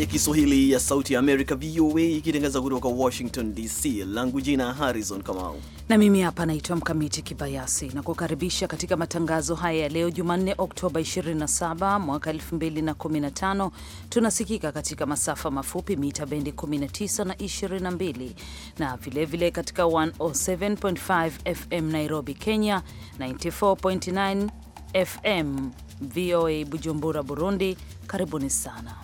ya Kiswahili ya Sauti ya Amerika, VOA, ikitangaza kutoka Washington DC. Langu jina Harrison Kamau na mimi hapa naitwa Mkamiti Kibayasi na kukaribisha katika matangazo haya ya leo Jumanne, Oktoba 27 mwaka 2015. Tunasikika katika masafa mafupi mita bendi 19 na 22 na vilevile vile katika 107.5 FM Nairobi, Kenya, 94.9 FM VOA Bujumbura, Burundi. Karibuni sana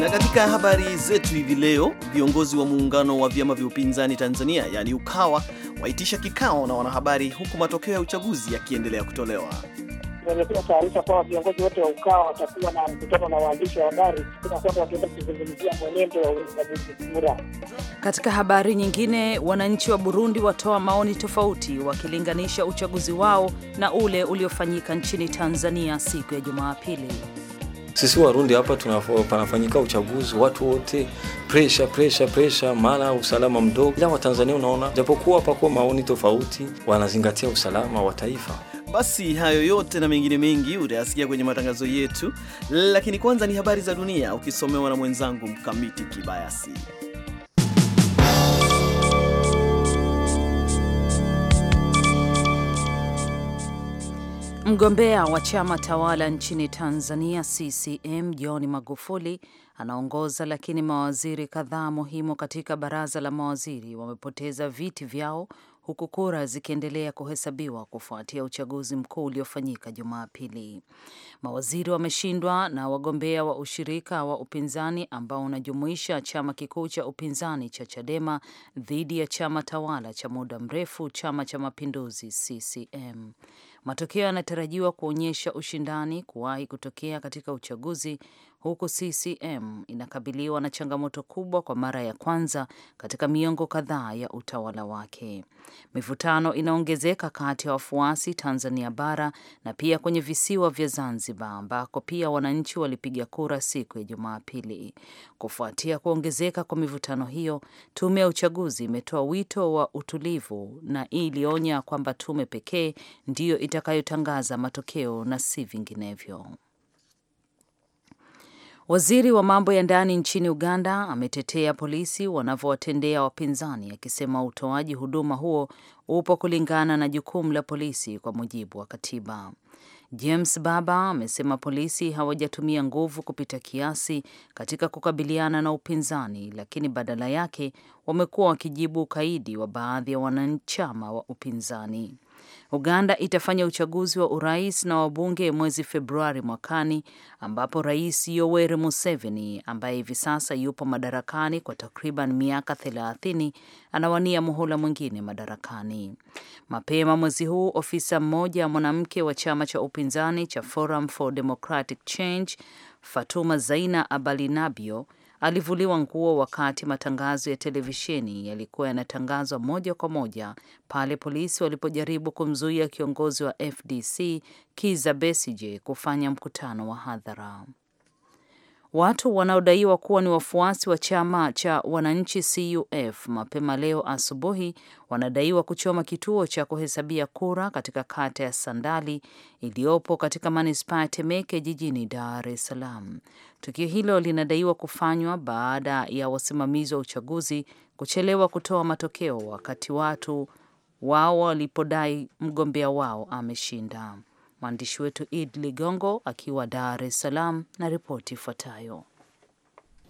na katika habari zetu hivi leo, viongozi wa muungano wa vyama vya upinzani Tanzania yaani UKAWA waitisha kikao na wanahabari huku matokeo ya uchaguzi yakiendelea kutolewa tumeelekea taarifa kwamba viongozi wote wa UKAWA watakuwa na mkutano na waandishi wa habari na kwamba wataenda kuzungumzia mwenendo wa uchaguzi kura. Katika habari nyingine, wananchi wa Burundi watoa maoni tofauti wakilinganisha uchaguzi wao na ule uliofanyika nchini Tanzania siku ya Jumapili. Sisi Warundi hapa panafanyika uchaguzi, watu wote pressure pressure pressure, mara usalama mdogo, ila Watanzania unaona, japokuwa pakuwa maoni tofauti, wanazingatia usalama wa taifa. Basi hayo yote na mengine mengi utayasikia kwenye matangazo yetu, lakini kwanza ni habari za dunia ukisomewa na mwenzangu Mkamiti Kibayasi. Mgombea wa chama tawala nchini Tanzania CCM John Magufuli anaongoza, lakini mawaziri kadhaa muhimu katika baraza la mawaziri wamepoteza viti vyao huku kura zikiendelea kuhesabiwa kufuatia uchaguzi mkuu uliofanyika Jumapili. Mawaziri wameshindwa na wagombea wa ushirika wa upinzani ambao unajumuisha chama kikuu cha upinzani cha Chadema dhidi ya chama tawala cha muda mrefu, chama cha Mapinduzi CCM. Matokeo yanatarajiwa kuonyesha ushindani kuwahi kutokea katika uchaguzi huku CCM inakabiliwa na changamoto kubwa kwa mara ya kwanza katika miongo kadhaa ya utawala wake. Mivutano inaongezeka kati ya wafuasi Tanzania bara na pia kwenye visiwa vya Zanzibar ambako pia wananchi walipiga kura siku ya Jumapili. Kufuatia kuongezeka kwa mivutano hiyo, tume ya uchaguzi imetoa wito wa utulivu na ilionya kwamba tume pekee ndiyo itakayotangaza matokeo na si vinginevyo. Waziri wa mambo ya ndani nchini Uganda ametetea polisi wanavyowatendea wapinzani, akisema utoaji huduma huo upo kulingana na jukumu la polisi kwa mujibu wa katiba. James Baba amesema polisi hawajatumia nguvu kupita kiasi katika kukabiliana na upinzani, lakini badala yake wamekuwa wakijibu ukaidi wa baadhi ya wanachama wa upinzani. Uganda itafanya uchaguzi wa urais na wabunge mwezi Februari mwakani, ambapo Rais Yoweri Museveni ambaye hivi sasa yupo madarakani kwa takriban miaka thelathini anawania muhula mwingine madarakani. Mapema mwezi huu, ofisa mmoja mwanamke wa chama cha upinzani cha Forum for Democratic Change Fatuma Zaina Abalinabio alivuliwa nguo wakati matangazo ya televisheni yalikuwa yanatangazwa moja kwa moja pale polisi walipojaribu kumzuia kiongozi wa FDC Kiza Besige kufanya mkutano wa hadhara. Watu wanaodaiwa kuwa ni wafuasi wa chama cha wananchi CUF mapema leo asubuhi wanadaiwa kuchoma kituo cha kuhesabia kura katika kata ya Sandali iliyopo katika manispaa ya Temeke jijini Dar es Salaam. Tukio hilo linadaiwa kufanywa baada ya wasimamizi wa uchaguzi kuchelewa kutoa matokeo wakati watu wao walipodai mgombea wao ameshinda. Mwandishi wetu Id Ligongo akiwa Dar es Salaam na ripoti ifuatayo.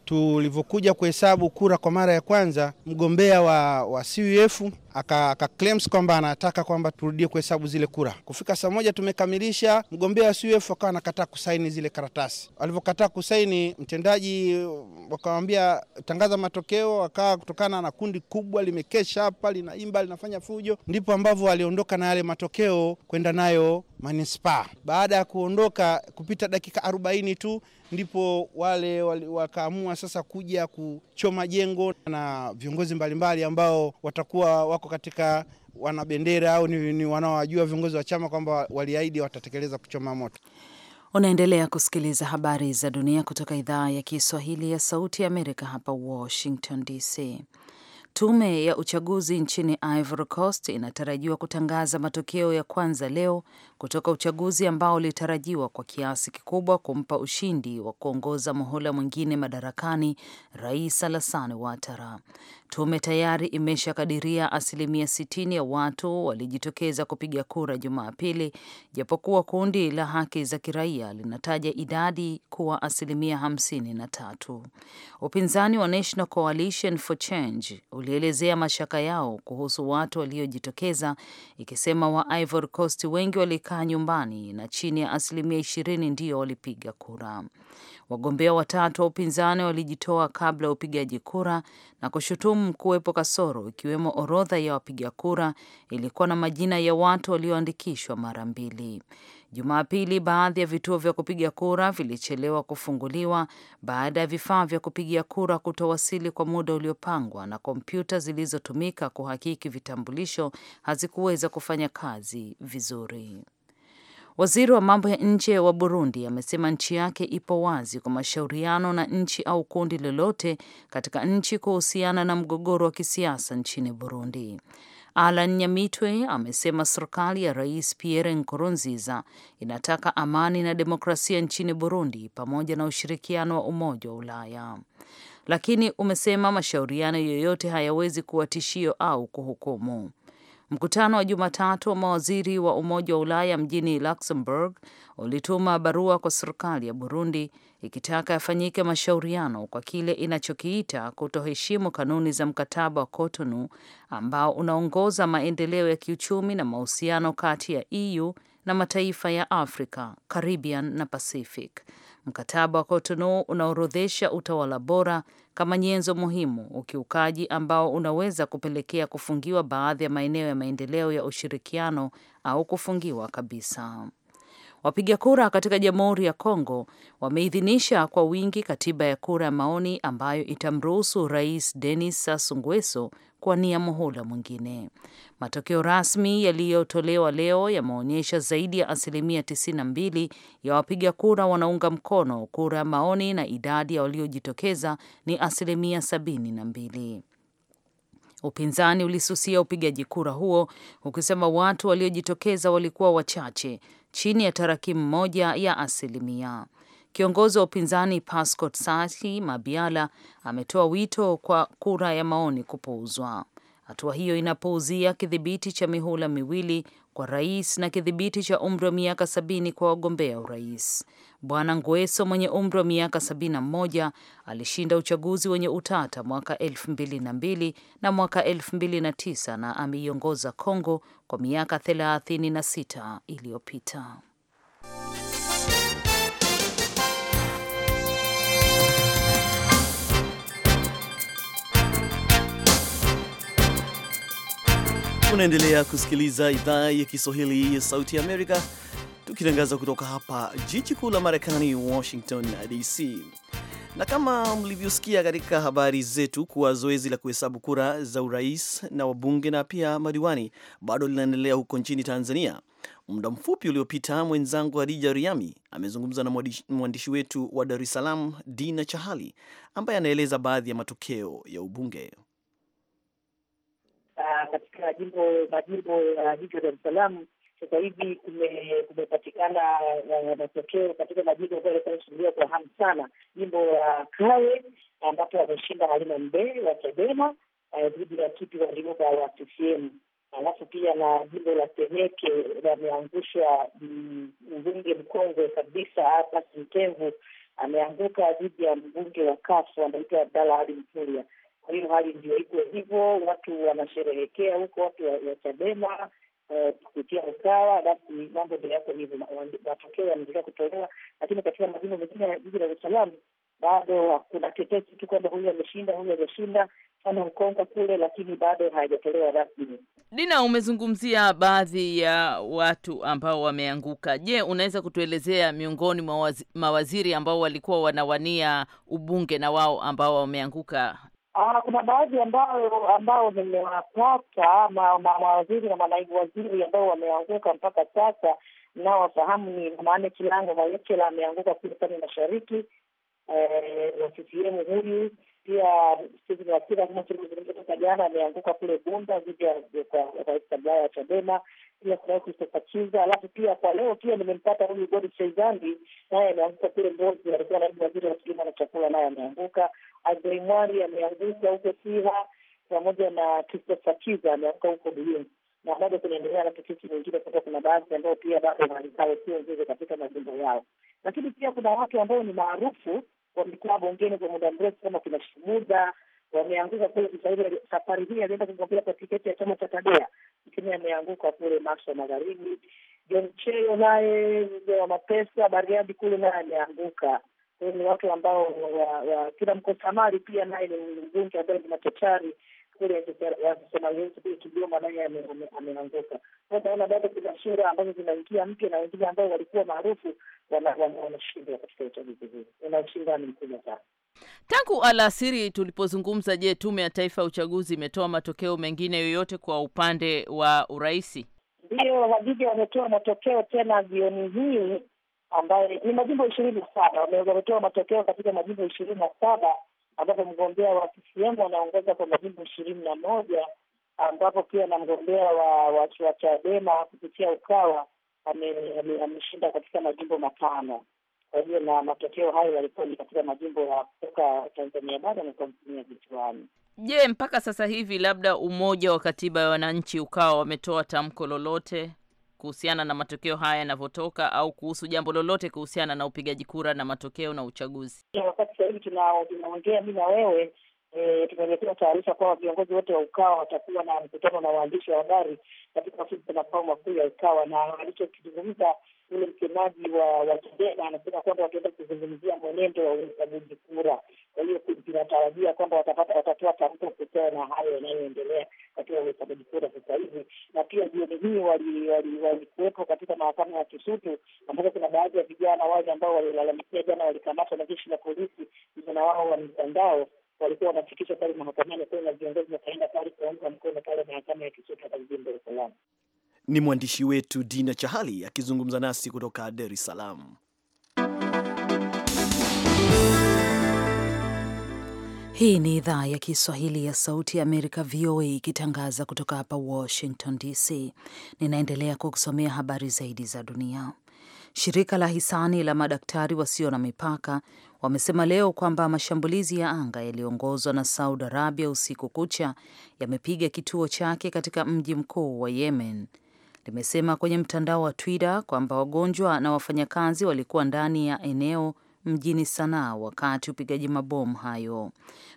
Tulivyokuja kuhesabu kura kwa mara ya kwanza, mgombea wa, wa CUF aka claims kwamba anataka kwamba turudie kuhesabu zile kura. Kufika saa moja tumekamilisha, mgombea wa CUF akawa anakataa kusaini zile karatasi. Alivyokataa kusaini, mtendaji uh, wakamwambia tangaza matokeo, akawa kutokana na kundi kubwa limekesha hapa linaimba linafanya fujo, ndipo ambavyo aliondoka na yale matokeo kwenda nayo manispaa. Baada ya kuondoka, kupita dakika arobaini tu ndipo wale, wale wakaamua sasa kuja kuchoma jengo na viongozi mbalimbali ambao watakuwa wako katika wanabendera au ni, ni wanaowajua viongozi wa chama kwamba waliahidi watatekeleza kuchoma moto. Unaendelea kusikiliza habari za dunia kutoka idhaa ya Kiswahili ya Sauti ya Amerika hapa Washington DC. Tume ya uchaguzi nchini Ivory Coast inatarajiwa kutangaza matokeo ya kwanza leo kutoka uchaguzi ambao ulitarajiwa kwa kiasi kikubwa kumpa ushindi wa kuongoza muhula mwingine madarakani Rais Alassane Ouattara. Tume tayari imeshakadiria asilimia 60 ya watu walijitokeza kupiga kura Jumapili, japokuwa kundi la haki za kiraia linataja idadi kuwa asilimia 53. Upinzani wa National Coalition for Change ulielezea mashaka yao kuhusu watu waliojitokeza, ikisema wa Ivory Coast wengi wali walikaa nyumbani na chini ya asilimia ishirini ndiyo walipiga kura. Wagombea watatu wa upinzani walijitoa kabla ya upigaji kura na kushutumu kuwepo kasoro, ikiwemo orodha ya wapiga kura ilikuwa na majina ya watu walioandikishwa mara mbili. Jumapili, baadhi ya vituo vya kupiga kura vilichelewa kufunguliwa baada ya vifaa vya kupiga kura kutowasili kwa muda uliopangwa na kompyuta zilizotumika kuhakiki vitambulisho hazikuweza kufanya kazi vizuri. Waziri wa mambo ya nje wa Burundi amesema nchi yake ipo wazi kwa mashauriano na nchi au kundi lolote katika nchi kuhusiana na mgogoro wa kisiasa nchini Burundi. Alan Nyamitwe amesema serikali ya Rais Pierre Nkurunziza inataka amani na demokrasia nchini Burundi pamoja na ushirikiano wa Umoja wa Ulaya. Lakini umesema mashauriano yoyote hayawezi kuwa tishio au kuhukumu. Mkutano wa Jumatatu wa mawaziri wa Umoja wa Ulaya mjini Luxembourg ulituma barua kwa serikali ya Burundi ikitaka yafanyike mashauriano kwa kile inachokiita kutoheshimu kanuni za mkataba wa Cotonou ambao unaongoza maendeleo ya kiuchumi na mahusiano kati ya EU na mataifa ya Afrika, Caribbean na Pacific. Mkataba wa Cotonou unaorodhesha utawala bora kama nyenzo muhimu, ukiukaji ambao unaweza kupelekea kufungiwa baadhi ya maeneo ya maendeleo ya ushirikiano au kufungiwa kabisa. Wapiga kura katika Jamhuri ya Kongo wameidhinisha kwa wingi katiba ya kura ya maoni ambayo itamruhusu Rais Denis Sassou Nguesso kuwania muhula mwingine. Matokeo rasmi yaliyotolewa leo yameonyesha zaidi ya asilimia 92 ya wapiga kura wanaunga mkono kura ya maoni na idadi ya waliojitokeza ni asilimia 72. Upinzani ulisusia upigaji kura huo ukisema watu waliojitokeza walikuwa wachache chini ya tarakimu moja ya asilimia. Kiongozi wa upinzani Pascot Sati Mabiala ametoa wito kwa kura ya maoni kupuuzwa. Hatua hiyo inapuuzia kidhibiti cha mihula miwili kwa rais na kidhibiti cha umri wa miaka sabini kwa wagombea urais. Bwana ngweso mwenye umri wa miaka sabini na mmoja alishinda uchaguzi wenye utata mwaka elfu mbili na mbili na mwaka elfu mbili na tisa na ameiongoza Kongo kwa miaka thelathini na sita iliyopita. Unaendelea kusikiliza idhaa ya Kiswahili ya Sauti ya Amerika, tukitangaza kutoka hapa jiji kuu la Marekani, Washington DC. Na kama mlivyosikia katika habari zetu kuwa zoezi la kuhesabu kura za urais na wabunge na pia madiwani bado linaendelea huko nchini Tanzania. Muda mfupi uliopita, mwenzangu Hadija Riami amezungumza na mwandishi wetu wa Dar es Salaam, Dina Chahali, ambaye anaeleza baadhi ya matokeo ya ubunge katika jimbo majimbo ya jiji la Dar es Salaam sasa hivi kumepatikana eh, matokeo katika majimbo ambayo yalikuwa yanasubiriwa kwa hamu sana, jimbo la Kawe ambapo wameshinda Halima mbee wa Chadema eh, dhidi ya Kipi Wandiluba wa CCM, alafu pia na jimbo la Temeke ameangushwa mbunge mkongwe kabisa hapa Mtemvu ameanguka dhidi ya mbunge wa kafu anaitwa Abdalla Ali Mtulia. Kwa hiyo hali ndio iko hivyo, watu wanasherehekea huko, watu wa Chadema eh, kupitia Ukawa. Basi mambo ndio yako hivyo, matokeo yanaendelea kutolewa, lakini katika majimbo mengine ya jiji la Dar es Salaam bado kuna tetesi tu kwamba huyu ameshinda, huyu ameshinda, kama Ukonga kule, lakini bado hayajatolewa rasmi. Dina, umezungumzia baadhi ya watu ambao wameanguka. Je, unaweza kutuelezea miongoni mwa mawaziri ambao walikuwa wanawania ubunge na wao ambao wameanguka Ah, kuna baadhi ambao ambao nimewapata mawaziri na manaibu waziri ambao wameanguka mpaka sasa, nao wafahamu ni Maane Kilango Mayekela ameanguka kule pwani mashariki wa eh, CCM huyu pia Stephen kama jana, ameanguka kule Bunda dhidi ya rais Kabaya wa Chadema. Pia kuna Christopher Chiza, alafu pia kwa leo pia nimempata huyu Godi Cheizandi, naye ameanguka kule Mbozi, alikuwa naibu waziri wa kilimo na chakula, naye ameanguka. Agroimari ameanguka huko Siha, pamoja na Christopher Kiza ameanguka huko Buyuni na bado kunaendelea na tetesi nyingine kuwa kuna baadhi ambao pia bado hali zao sio nzuri katika majimbo yao, lakini pia kuna watu ambao ni maarufu wamekuwa bungeni kwa muda mrefu kama kina Shimuda wameanguka kule Kiswahili. Safari hii alienda kugombea kwa tiketi ya chama cha Tadea, lakini ameanguka kule Maswa Magharibi. John Cheyo naye mzee wa mapesa Bariadi kule naye ameanguka ni watu ambao kila mkosamali pia naye ni mbunge ambaye ni machachari kule Kigoma naye ameanguka Naona bado kuna sura ambazo zinaingia mpya na wengine ambao walikuwa maarufu wanashindwa katika uchaguzi huu. Una ushindani mkubwa sana. Tangu alasiri tulipozungumza, je, Tume ya Taifa ya Uchaguzi imetoa matokeo mengine yoyote kwa upande wa uraisi? Ndiyo, Hadija, wametoa matokeo tena jioni hii ambaye ni majimbo ishirini na saba wametoa matokeo katika majimbo ishirini na saba ambapo mgombea wa CCM anaongoza kwa majimbo ishirini na moja ambapo pia na mgombea wa Chadema kupitia Ukawa ameshinda katika majimbo matano. Kwa hiyo na matokeo hayo yalikuwa ni katika majimbo ya kutoka Tanzania bara na Tanzania visiwani. Je, mpaka sasa hivi labda umoja wa katiba ya wananchi Ukawa wametoa tamko lolote? kuhusiana na matokeo haya yanavyotoka, au kuhusu jambo lolote kuhusiana na upigaji kura na matokeo na uchaguzi? Wakati sasa hivi tunaongea mi na wewe E, tumeletewa taarifa kwamba viongozi wote wa UKAWA watakuwa na mkutano na waandishi wa habari katika ofisi za makao makuu ya UKAWA, na alichokizungumza yule msemaji wa Wakidema anasema kwamba wataenda kuzungumzia mwenendo wa uhesabuji kura. Kwa hiyo tunatarajia kwamba watapata watatoa tamko kuhusiana na hayo yanayoendelea wahesabaji kura sasa hivi, na pia jioni hii walikuwepo katika mahakama ya Kisutu ambapo kuna baadhi ya vijana wale ambao walilalamikia jana walikamatwa na jeshi la polisi, vijana wao wa mitandao walikuwa wanafikisha pale mahakamani na viongozi wakaenda pale kuunga mkono pale mahakama ya Kisutu hapa jijini Dar es Salaam. Ni mwandishi wetu Dina Chahali akizungumza nasi kutoka Dar es Salaam. Hii ni idhaa ya Kiswahili ya Sauti ya Amerika, VOA, ikitangaza kutoka hapa Washington DC. Ninaendelea kukusomea habari zaidi za dunia. Shirika la hisani la madaktari wasio na mipaka wamesema leo kwamba mashambulizi ya anga yaliyoongozwa na Saudi Arabia usiku kucha yamepiga kituo chake katika mji mkuu wa Yemen. Limesema kwenye mtandao wa Twitter kwamba wagonjwa na wafanyakazi walikuwa ndani ya eneo mjini Sanaa wakati upigaji mabomu hayo.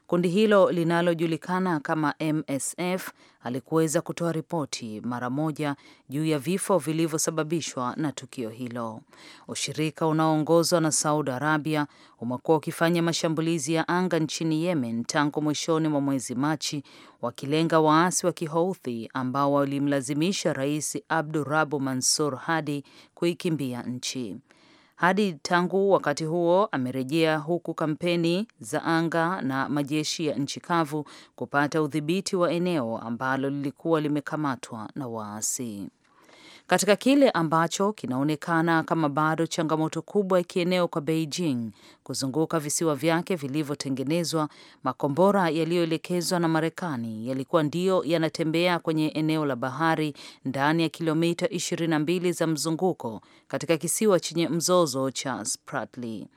Kundi hilo linalojulikana kama MSF alikuweza kutoa ripoti mara moja juu ya vifo vilivyosababishwa na tukio hilo. Ushirika unaoongozwa na Saudi Arabia umekuwa ukifanya mashambulizi ya anga nchini Yemen tangu mwishoni mwa mwezi Machi, wakilenga waasi wa Kihouthi ambao walimlazimisha Rais Abdurabu Mansur Hadi kuikimbia nchi. Hadi tangu wakati huo amerejea huku kampeni za anga na majeshi ya nchi kavu kupata udhibiti wa eneo ambalo lilikuwa limekamatwa na waasi katika kile ambacho kinaonekana kama bado changamoto kubwa ya kieneo kwa Beijing kuzunguka visiwa vyake vilivyotengenezwa. Makombora yaliyoelekezwa na Marekani yalikuwa ndiyo yanatembea kwenye eneo la bahari ndani ya kilomita 22 za mzunguko katika kisiwa chenye mzozo cha Spratly.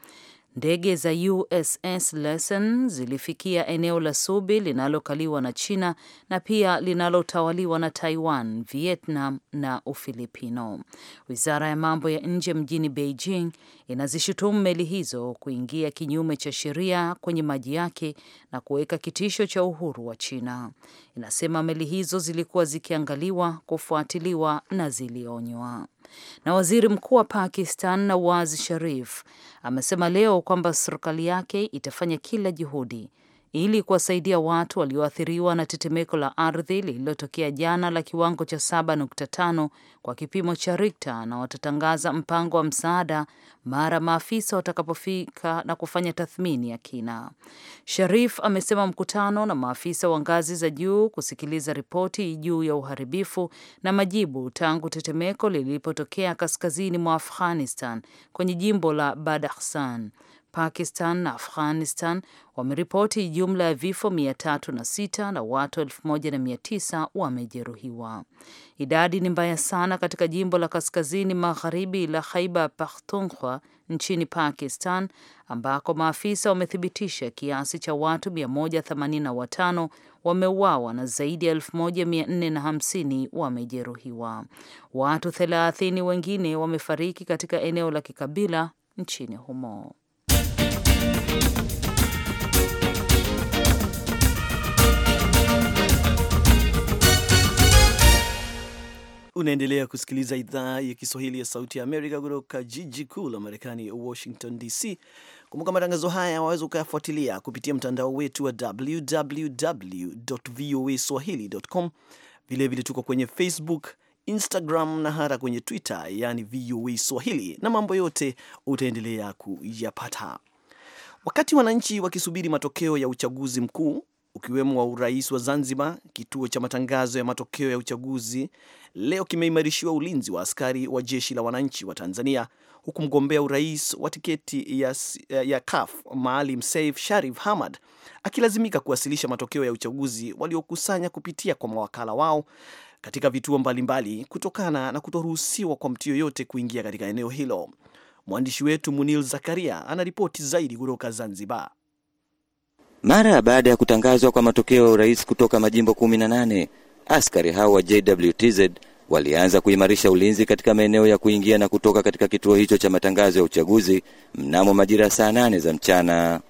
Ndege za USS Lawson zilifikia eneo la Subi linalokaliwa na China na pia linalotawaliwa na Taiwan, Vietnam na Ufilipino. Wizara ya mambo ya nje mjini Beijing inazishutumu meli hizo kuingia kinyume cha sheria kwenye maji yake na kuweka kitisho cha uhuru wa China inasema meli hizo zilikuwa zikiangaliwa, kufuatiliwa na zilionywa. Na waziri mkuu wa Pakistan Nawaz Sharif amesema leo kwamba serikali yake itafanya kila juhudi ili kuwasaidia watu walioathiriwa na tetemeko la ardhi lililotokea jana la kiwango cha 7.5 kwa kipimo cha rikta na watatangaza mpango wa msaada mara maafisa watakapofika na kufanya tathmini ya kina. Sharif amesema mkutano na maafisa wa ngazi za juu kusikiliza ripoti juu ya uharibifu na majibu tangu tetemeko lilipotokea kaskazini mwa Afghanistan kwenye jimbo la Badakhshan. Pakistan na Afghanistan wameripoti jumla ya vifo 306 na watu 1900 wamejeruhiwa. Idadi ni mbaya sana katika jimbo la kaskazini magharibi la Khaiba Pakhtunkhwa nchini Pakistan ambako maafisa wamethibitisha kiasi cha watu 185 wameuawa na zaidi ya 1450 wamejeruhiwa. Watu 30 wengine wamefariki katika eneo la kikabila nchini humo. Unaendelea kusikiliza idhaa ya Kiswahili ya Sauti ya Amerika kutoka jiji kuu la Marekani, Washington DC. Kumbuka matangazo haya waweza ukayafuatilia kupitia mtandao wetu wa www voa swahili.com. Vilevile tuko kwenye Facebook, Instagram na hata kwenye Twitter, yaani VOA Swahili, na mambo yote utaendelea kuyapata. Wakati wananchi wakisubiri matokeo ya uchaguzi mkuu ukiwemo wa urais wa Zanzibar, kituo cha matangazo ya matokeo ya uchaguzi leo kimeimarishiwa ulinzi wa askari wa jeshi la wananchi wa Tanzania, huku mgombea urais wa tiketi ya, ya CUF Maalim Seif Sharif Hamad akilazimika kuwasilisha matokeo ya uchaguzi waliokusanya kupitia kwa mawakala wao katika vituo mbalimbali kutokana na kutoruhusiwa kwa mtu yoyote kuingia katika eneo hilo. Mwandishi wetu Munil Zakaria anaripoti zaidi kutoka Zanzibar. Mara baada ya kutangazwa kwa matokeo ya urais kutoka majimbo 18, askari hao wa JWTZ walianza kuimarisha ulinzi katika maeneo ya kuingia na kutoka katika kituo hicho cha matangazo ya uchaguzi mnamo majira saa nane za mchana.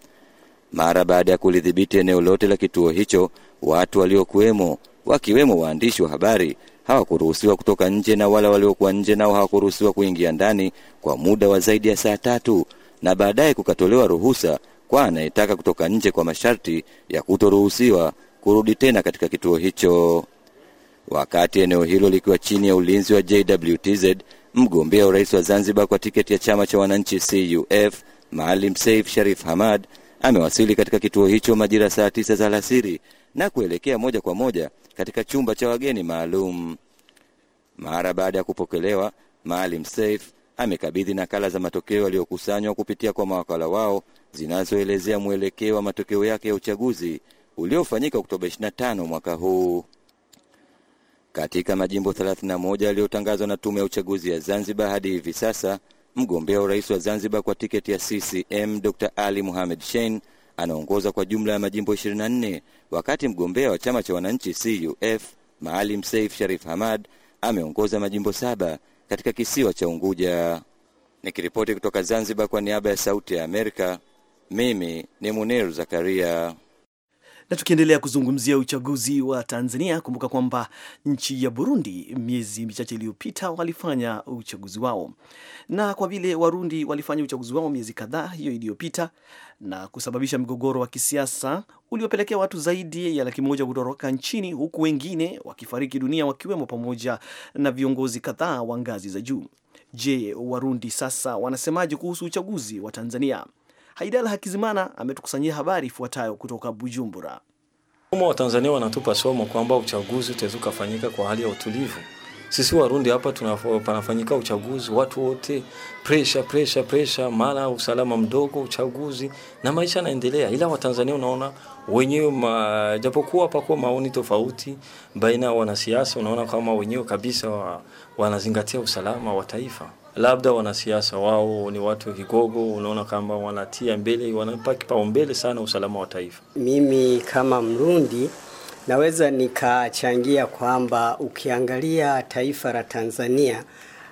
Mara baada ya kulidhibiti eneo lote la kituo hicho, watu waliokuwemo wakiwemo waandishi wa habari hawakuruhusiwa kutoka nje na wala waliokuwa nje nao hawakuruhusiwa kuingia ndani kwa muda wa zaidi ya saa tatu na baadaye kukatolewa ruhusa kwa anayetaka kutoka nje kwa masharti ya kutoruhusiwa kurudi tena katika kituo hicho. Wakati eneo hilo likiwa chini ya ulinzi wa JWTZ, mgombea urais wa Zanzibar kwa tiketi ya chama cha wananchi CUF Maalim saif Sharif Hamad amewasili katika kituo hicho majira saa tisa za alasiri na kuelekea moja kwa moja katika chumba cha wageni maalum. Mara baada ya kupokelewa, Maalim Seif amekabidhi nakala za matokeo yaliyokusanywa kupitia kwa mawakala wao zinazoelezea mwelekeo wa matokeo yake ya uchaguzi uliofanyika Oktoba 25 mwaka huu katika majimbo 31 yaliyotangazwa na Tume ya Uchaguzi ya Zanzibar. Hadi hivi sasa mgombea urais wa Zanzibar kwa tiketi ya CCM Dr Ali muhamed Shein anaongoza kwa jumla ya majimbo 24 wakati mgombea wa chama cha wananchi CUF Maalim Seif Sharif Hamad ameongoza majimbo saba katika kisiwa cha Unguja. Nikiripoti kutoka Zanzibar kwa niaba ya Sauti ya Amerika, mimi ni Muniru Zakaria. Na tukiendelea kuzungumzia uchaguzi wa Tanzania, kumbuka kwamba nchi ya Burundi miezi michache iliyopita walifanya uchaguzi wao, na kwa vile Warundi walifanya uchaguzi wao miezi kadhaa hiyo iliyopita na kusababisha mgogoro wa kisiasa uliopelekea watu zaidi ya laki moja kutoroka nchini huku wengine wakifariki dunia wakiwemo pamoja na viongozi kadhaa wa ngazi za juu. Je, Warundi sasa wanasemaje kuhusu uchaguzi wa Tanzania? Haidala Hakizimana ametukusanyia habari ifuatayo kutoka Bujumbura. wa Watanzania wanatupa somo kwamba uchaguzi utaweza ukafanyika kwa hali ya utulivu. Sisi Warundi hapa panafanyika uchaguzi, watu wote pressure pressure pressure, mara usalama mdogo, uchaguzi na maisha yanaendelea, ila Watanzania unaona wenyewe ma, japokuwa pakuwa maoni tofauti baina ya wanasiasa, unaona kama wenyewe kabisa wa, wanazingatia usalama wa taifa labda wanasiasa wao ni watu kigogo, unaona kama wanatia mbele, wanapa kipaumbele sana usalama wa taifa. Mimi kama Mrundi naweza nikachangia kwamba ukiangalia taifa la Tanzania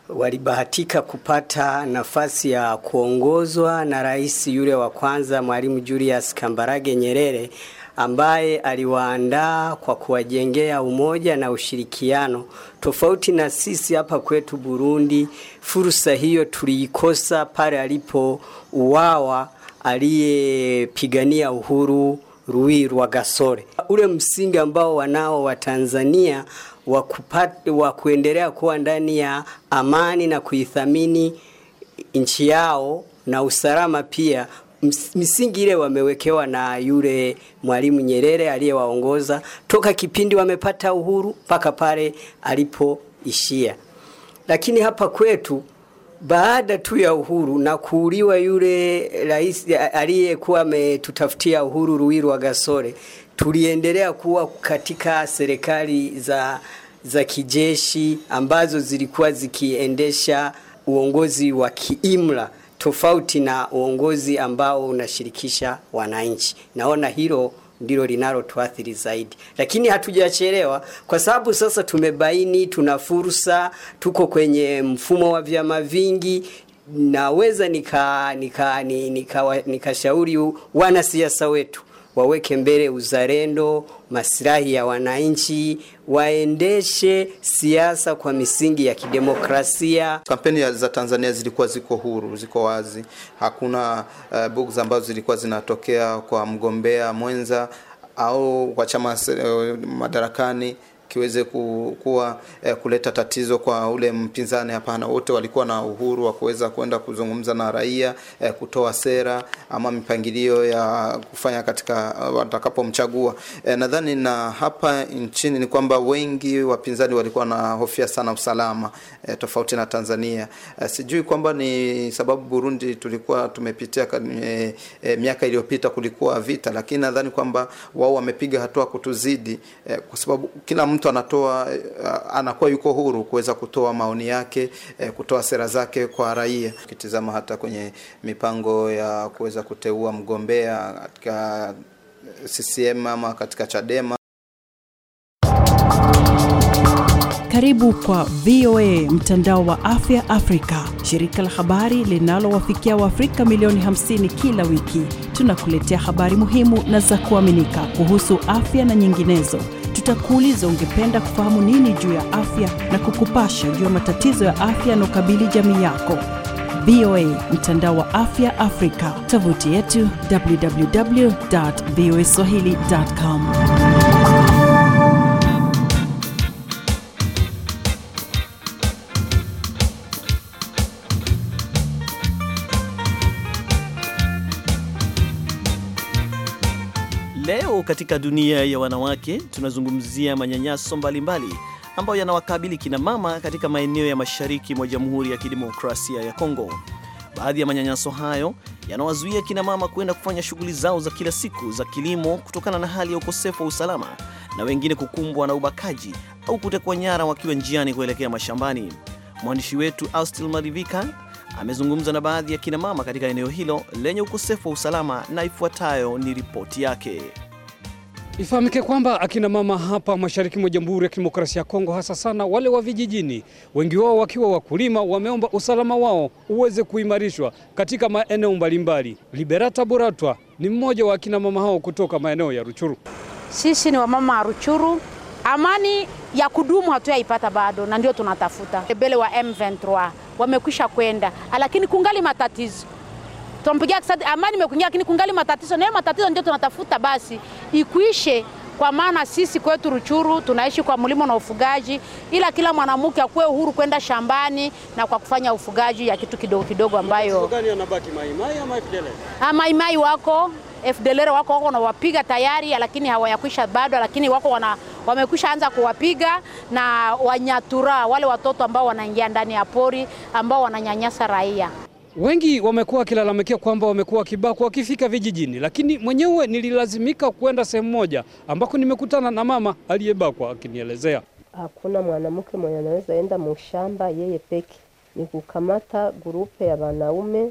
walibahatika kupata nafasi ya kuongozwa na rais yule wa kwanza Mwalimu Julius Kambarage Nyerere ambaye aliwaandaa kwa kuwajengea umoja na ushirikiano. Tofauti na sisi hapa kwetu Burundi, fursa hiyo tuliikosa pale alipo uwawa aliyepigania uhuru Rui Rwagasore. Ule msingi ambao wanao wa Tanzania wa kuendelea kuwa ndani ya amani na kuithamini nchi yao na usalama pia misingi ile wamewekewa na yule Mwalimu Nyerere aliyewaongoza toka kipindi wamepata uhuru mpaka pale alipoishia. Lakini hapa kwetu baada tu ya uhuru na kuuliwa yule rais aliyekuwa ametutafutia uhuru wa Gasore, tuliendelea kuwa katika serikali za, za kijeshi ambazo zilikuwa zikiendesha uongozi wa kiimla tofauti na uongozi ambao unashirikisha wananchi. Naona hilo ndilo linalotuathiri zaidi, lakini hatujachelewa, kwa sababu sasa tumebaini tuna fursa, tuko kwenye mfumo wa vyama vingi. Naweza nikashauri nika, nika, nika, nika wanasiasa wetu waweke mbele uzalendo, masilahi ya wananchi, waendeshe siasa kwa misingi ya kidemokrasia. Kampeni za Tanzania zilikuwa ziko huru, ziko wazi, hakuna uh, eh, bugs ambazo zilikuwa zinatokea kwa mgombea mwenza au kwa chama uh, madarakani kiweze ku, kuwa e, kuleta tatizo kwa ule mpinzani. Hapana, wote walikuwa na uhuru wa kuweza kwenda kuzungumza na raia e, kutoa sera ama mipangilio ya kufanya katika eh, watakapomchagua. E, nadhani na hapa nchini ni kwamba wengi wapinzani walikuwa na hofia sana usalama e, tofauti na Tanzania. E, sijui kwamba ni sababu Burundi tulikuwa tumepitia e, e, miaka iliyopita kulikuwa vita, lakini nadhani kwamba wao wamepiga hatua kutuzidi e, kwa sababu kila mtu mtu anatoa eh, anakuwa yuko huru kuweza kutoa maoni yake, eh, kutoa sera zake kwa raia. Ukitizama hata kwenye mipango ya kuweza kuteua mgombea katika eh, CCM ama katika Chadema. Karibu kwa VOA mtandao wa afya Afrika, shirika la habari linalowafikia Waafrika milioni 50 kila wiki. Tunakuletea habari muhimu na za kuaminika kuhusu afya na nyinginezo tutakuuliza ungependa kufahamu nini juu ya afya na kukupasha juu ya matatizo ya afya yanaokabili jamii yako. VOA mtandao wa afya Afrika, tovuti yetu www voa swahili.com. katika dunia ya wanawake tunazungumzia manyanyaso mbalimbali ambayo yanawakabili kina mama katika maeneo ya mashariki mwa Jamhuri ya Kidemokrasia ya Kongo. Baadhi ya manyanyaso hayo yanawazuia kina mama kwenda kufanya shughuli zao za kila siku za kilimo kutokana na hali ya ukosefu wa usalama na wengine kukumbwa na ubakaji au kutekwa nyara wakiwa njiani kuelekea mashambani. Mwandishi wetu Austil Marivika amezungumza na baadhi ya kina mama katika eneo hilo lenye ukosefu wa usalama na ifuatayo ni ripoti yake. Ifahamike kwamba akina mama hapa mashariki mwa Jamhuri ya Kidemokrasia ya Kongo, hasa sana wale wa vijijini, wengi wao wakiwa wakulima, wameomba usalama wao uweze kuimarishwa katika maeneo mbalimbali. Liberata Buratwa ni mmoja wa akina mama hao kutoka maeneo ya Ruchuru. Sisi ni wamama wa Ruchuru, amani ya kudumu hatuyaipata bado, na ndio tunatafuta. Bele wa M23 wamekwisha kwenda, lakini kungali matatizo tunampigia kisadi, amani imekuingia, lakini kungali matatizo, na matatizo ndio tunatafuta basi ikuishe kwa maana sisi kwetu Ruchuru tunaishi kwa mlimo na ufugaji, ila kila mwanamke akuwe uhuru kwenda shambani na kwa kufanya ufugaji ya kitu kidogo kidogo, ambayo ah, maimai wako FDLR wako wako wanawapiga tayari, lakini hawayakwisha bado, lakini wako wana wamekwisha anza kuwapiga na Wanyatura, wale watoto ambao wanaingia ndani ya pori ambao wananyanyasa raia. Wengi wamekuwa wakilalamikia kwamba wamekuwa wakibakwa wakifika vijijini, lakini mwenyewe nililazimika kwenda sehemu moja ambako nimekutana na mama aliyebakwa akinielezea. Hakuna mwanamke mwenye anaweza enda mushamba yeye peke, ni kukamata grupe ya wanaume,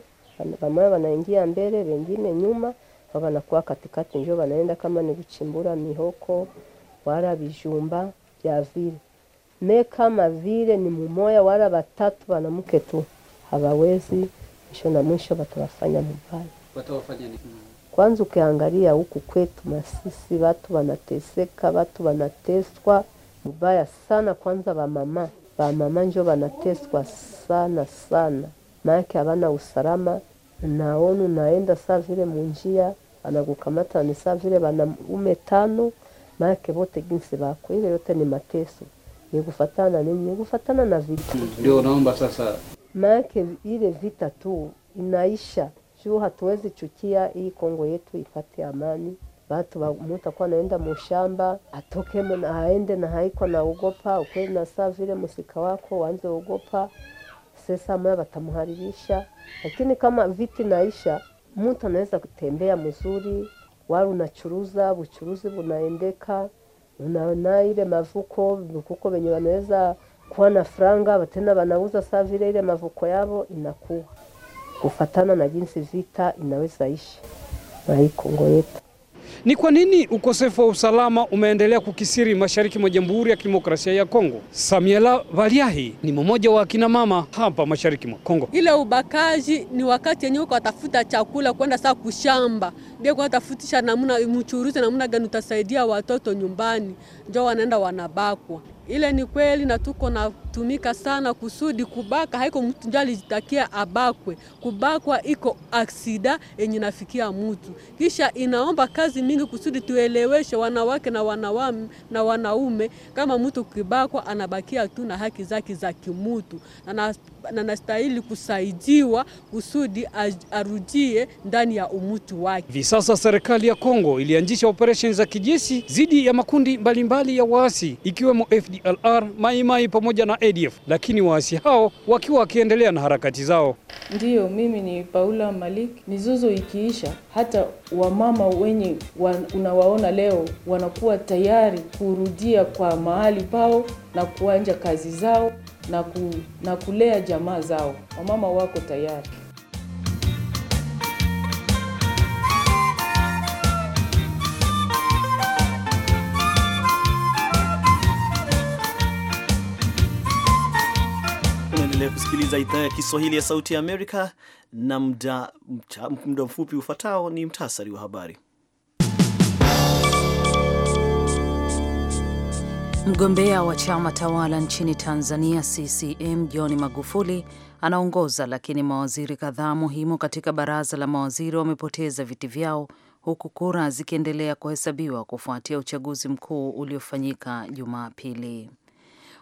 wamoya wanaingia mbele, wengine nyuma, wanakuwa katikati, njo wanaenda kama ni kuchimbura mihoko wala bijumba vya vile me, kama vile ni mumoya wala watatu wanamke tu hawawezi mwisho na mwisho watawafanya mubaya. Watawafanya nini? Kwanza ukiangalia huku kwetu Masisi watu wanateseka, watu wanateswa mubaya sana. Kwanza wamama, wamama njo wanateswa sana sana, maake havana usalama. Naona naenda saa vile munjia wanagukamata ni saa vile wanaume tano, maake vote jinsi vako, ile yote ni mateso, nikufatana nini? Nikufatana na vitu. Ndio naomba sasa Make ile vita tu inaisha, juu hatuwezi chukia hii Kongo yetu ipate amani. Watu wa mutu akuwa naenda mushamba atokemo na aende na haiko na ugopa ukweli, na saa vile musika wako wanze ugopa sesa moya batamuharibisha. Lakini kama viti naisha, mtu anaweza kutembea mzuri, wari unachuruza buchuruzi bunaendeka, unaona ile mavuko vukuko venye wanaweza na franga tena wanauza saa vile ile mavuko yao inakuwa kufatana na jinsi vita inaweza ishi na hii Kongo yetu. Ni kwa nini ukosefu wa usalama umeendelea kukisiri mashariki mwa Jamhuri ya Kidemokrasia ya Kongo? Samiela Valiahi ni mmoja wa akina mama hapa mashariki mwa Kongo. Ile ubakaji ni wakati yenyewe uko watafuta chakula kwenda saa kushamba, ndio kwa tafutisha namna mchuruzi namna gani utasaidia watoto nyumbani, njo wanaenda wanabakwa ile ni kweli, na tuko natumika sana kusudi kubaka haiko mtu njo alijitakia abakwe. Kubakwa iko aksida yenye nafikia mtu, kisha inaomba kazi mingi kusudi tueleweshe wanawake na, wanawame, na wanaume kama mtu kibakwa anabakia tu na haki zake za kimutu na nastahili kusaidiwa kusudi arudie ndani ya umutu wake. Hivi sasa serikali ya Kongo ilianzisha operesheni za kijeshi dhidi ya makundi mbalimbali mbali ya waasi ikiwemo FD FDLR, Maimai pamoja na ADF, lakini waasi hao wakiwa wakiendelea na harakati zao. Ndiyo, mimi ni Paula Malik. Mizozo ikiisha, hata wamama wenye wan, unawaona leo wanakuwa tayari kurudia kwa mahali pao na kuanja kazi zao na, ku, na kulea jamaa zao. Wamama wako tayari. Unaendelea kusikiliza idhaa ya Kiswahili ya Sauti ya Amerika, na muda mfupi ufuatao ni mtasari wa habari. Mgombea wa chama tawala nchini Tanzania CCM John Magufuli anaongoza, lakini mawaziri kadhaa muhimu katika baraza la mawaziri wamepoteza viti vyao huku kura zikiendelea kuhesabiwa kufuatia uchaguzi mkuu uliofanyika Jumapili.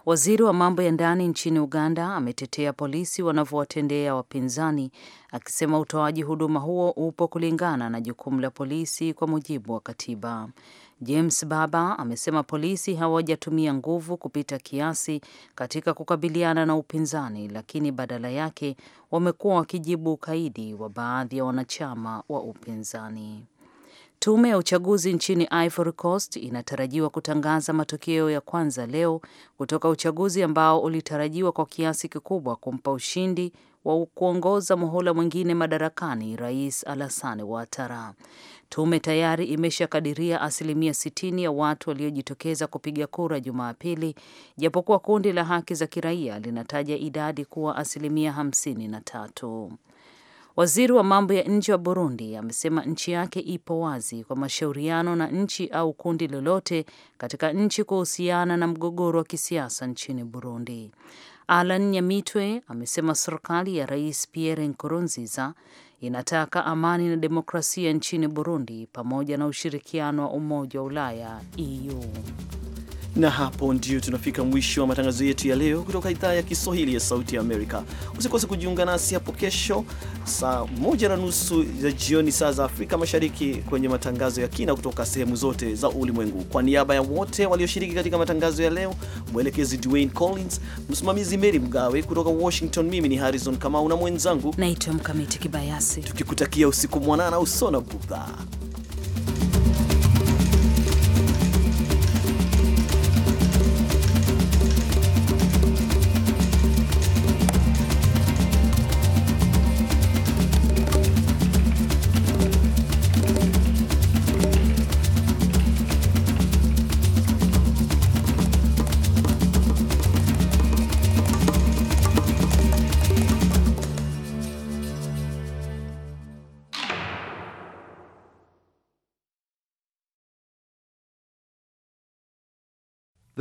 Waziri wa mambo ya ndani nchini Uganda ametetea polisi wanavyowatendea wapinzani, akisema utoaji huduma huo upo kulingana na jukumu la polisi kwa mujibu wa katiba. James Baba amesema polisi hawajatumia nguvu kupita kiasi katika kukabiliana na upinzani, lakini badala yake wamekuwa wakijibu ukaidi wa baadhi ya wanachama wa upinzani. Tume ya uchaguzi nchini Ivory Coast inatarajiwa kutangaza matokeo ya kwanza leo kutoka uchaguzi ambao ulitarajiwa kwa kiasi kikubwa kumpa ushindi wa kuongoza muhula mwingine madarakani Rais Alassane Ouattara. Tume tayari imeshakadiria asilimia 60 ya watu waliojitokeza kupiga kura Jumapili, japokuwa kundi la haki za kiraia linataja idadi kuwa asilimia 53. Waziri wa mambo ya nje wa Burundi amesema nchi yake ipo wazi kwa mashauriano na nchi au kundi lolote katika nchi kuhusiana na mgogoro wa kisiasa nchini Burundi. Alan Nyamitwe amesema serikali ya Rais Pierre Nkurunziza inataka amani na demokrasia nchini Burundi pamoja na ushirikiano wa Umoja wa Ulaya EU. Na hapo ndio tunafika mwisho wa matangazo yetu ya leo kutoka idhaa ya Kiswahili ya Sauti ya Amerika. Usikose kujiunga nasi hapo kesho saa moja na nusu za jioni saa za Afrika Mashariki kwenye matangazo ya kina kutoka sehemu zote za ulimwengu. Kwa niaba ya wote walioshiriki katika matangazo ya leo, mwelekezi Dwayne Collins, msimamizi Mary Mgawe kutoka Washington, mimi ni Harrison Kamau na mwenzangu naitwa Mkamiti Kibayasi, tukikutakia usiku mwanana usona budha.